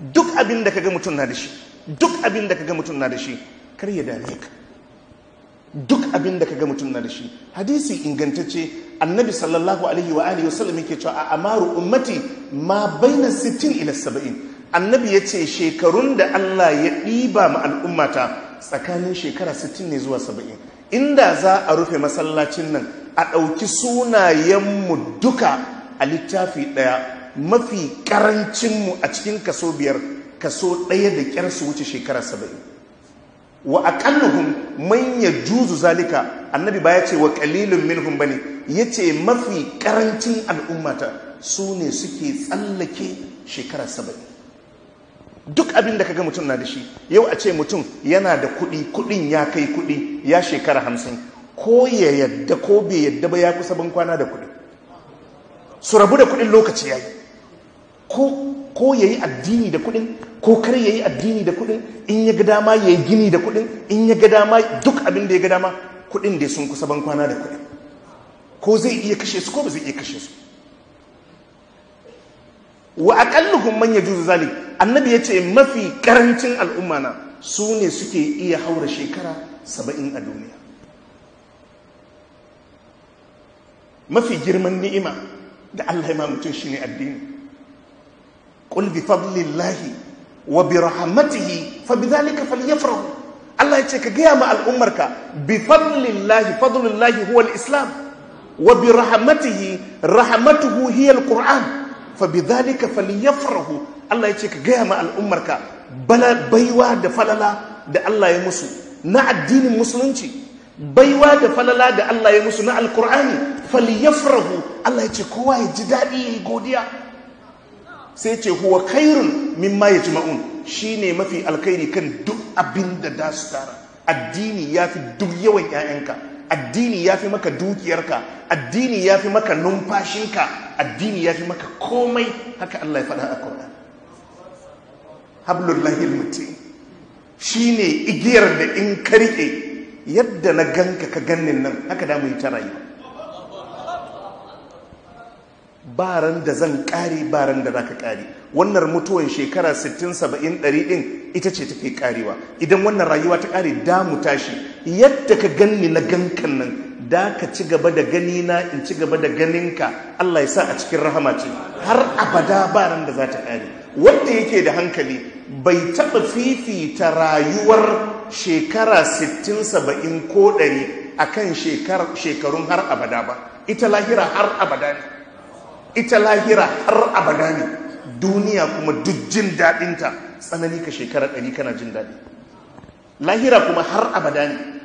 duk abin da kaga mutum na da shi duk abin da kaga mutum na da shi kar ya dare ka duk abin da kaga mutum na da shi hadisi ingantacce annabi sallallahu alaihi wa alihi wasallam yake cewa a amaru ummati ma baina 60 ila 70 annabi yace shekarun da Allah ya diba ma al'ummata tsakanin shekara 60 ne zuwa 70 inda za a rufe masallacin nan a ɗauki sunayenmu duka a littafi ɗaya mafi karancinmu a cikin kaso biyar kaso ɗaya da ƙyar su wuce shekara saba'in wa aƙalluhun manya juzu zalika annabi ba ya ce wa milhun ba bane ya ce mafi ƙarancin al'ummata su ne suke tsallake shekara saba'in duk abin da kaga mutum na da shi yau a ce mutum yana da kuɗi kuɗin ya kai kuɗi ya shekara hamsin ko ya yadda ko bai yadda ba ya kusa ban kwana da kuɗi su rabu da kuɗin lokaci ya yi ko ya yi addini da kudin ko kar ya yi addini da kudin in ya ga dama ya yi gini da kudin in ya ga dama duk abin da ya ga dama kudin da sun kusa ban kwana da kudin ko zai iya kashe su ko ba zai iya kashe su wa aqalluhum man yajuzu zalik annabi yace mafi karancin al'umma na su ne suke iya haura shekara saba'in a duniya mafi girman ni'ima da Allah ya ma mutum ne addini qul bi fadlillahi wa bi rahmatihi fa bidhalika falyafrahu Allah ya ce ka gaya ma al'ummarka bi fadlillahi fadlillahi huwa islam wa bi rahmatihi rahmatuhu hiya al-qur'an fa bidhalika falyafrahu Allah ya ce ka gaya ma al'ummarka bala baiwa da falala da Allah ya musu na addinin musulunci baiwa da falala da Allah ya musu na alkur'ani falyafrahu Allah ya ce kowa ya ji daɗi ya godiya sai ce huwa khairun mimma yajma'un shine mafi alkhairi kan duk abin da da su tara addini yafi duk yawan 'ya'yanka addini yafi maka dukiyarka addini yafi maka numfashinka addini yafi maka komai haka Allah ya faɗa a Qur'an hablullahi almatin shine igiyar da in ka yadda na ganka ka gannin nan haka da mu yi ta rayuwa baran da zan kare baran da zaka kare wannan mutuwan shekara 60 70 100 din ita ce take ƙarewa idan wannan rayuwa ta kare damu tashi yadda ka ganni na gankan nan da ka ci gaba da gani na in ci gaba da ganinka Allah ya sa a cikin rahama ce har abada baran da za ta kare wanda yake da hankali bai taɓa fifita rayuwar shekara 60 70 ko ɗari akan shekarun har abada ba ita lahira har abada ne ita lahira har abada ne duniya kuma duk jin daɗinta tsanani ka shekara ɗari kana jin daɗi lahira kuma har abada ne